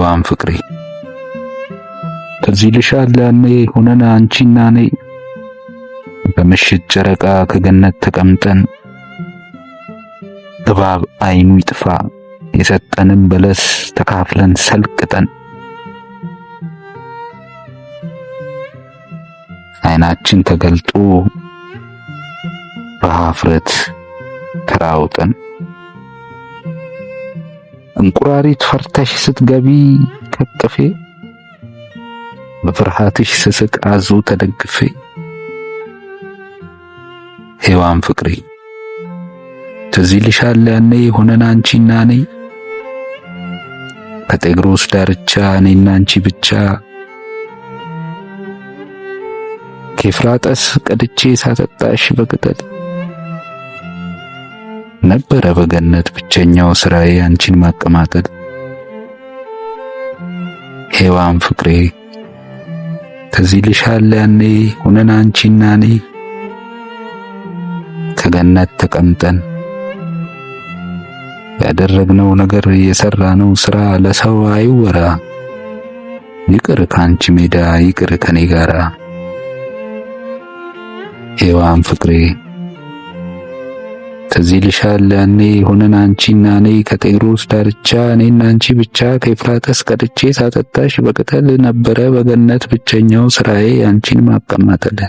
ሔዋን ፍቅሬ ከዚህ ልሻል ያኔ ሆነን አንቺና እኔ በምሽት ጨረቃ ከገነት ተቀምጠን እባብ አይኑ ይጥፋ የሰጠንም በለስ ተካፍለን ሰልቅጠን አይናችን ተገልጦ በሀፍረት ተራውጠን እንቁራሪት ፈርተሽ ስትገቢ ከቅፌ በፍርሃትሽ ስስቅ አዙ ተደግፌ ሔዋን ፍቅሬ ትዝ ያኔ ሆነን አንቺና እኔ ከጤግሮስ ዳርቻ እኔና አንቺ ብቻ ከኤፍራጠስ ቀድቼ ሳጠጣሽ በቅጠል ነበረ በገነት ብቸኛው ስራዬ አንቺን ማቀማጠል። ሔዋን ፍቅሬ ከዚህ ልሻለ ያኔ ሆነን አንቺና እኔ ከገነት ተቀምጠን ያደረግነው ነገር የሰራነው ስራ ለሰው አይወራ። ይቅር ካንቺ ሜዳ ይቅር ከኔ ጋራ ሔዋን ፍቅሬ ትዝ ይልሻል ያኔ ሆነን አንቺና እኔ ከጤግሮስ ዳርቻ እኔና አንቺ ብቻ ከኤፍራጥስ ቀድቼ ሳጠጣሽ በቅጠል ነበረ በገነት ብቸኛው ስራዬ አንቺን ማቀማጠል።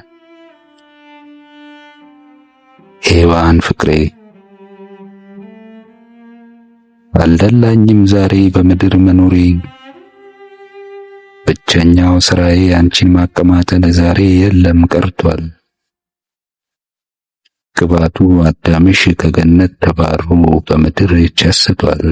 ሔዋን ፍቅሬ አልደላኝም ዛሬ በምድር መኖሬ ብቸኛው ስራዬ አንቺን ማቀማጠል ዛሬ የለም ቀርቷል። ቅባቱ አዳምሽ ከገነት ተባሮ በምድር ይጨስቷል።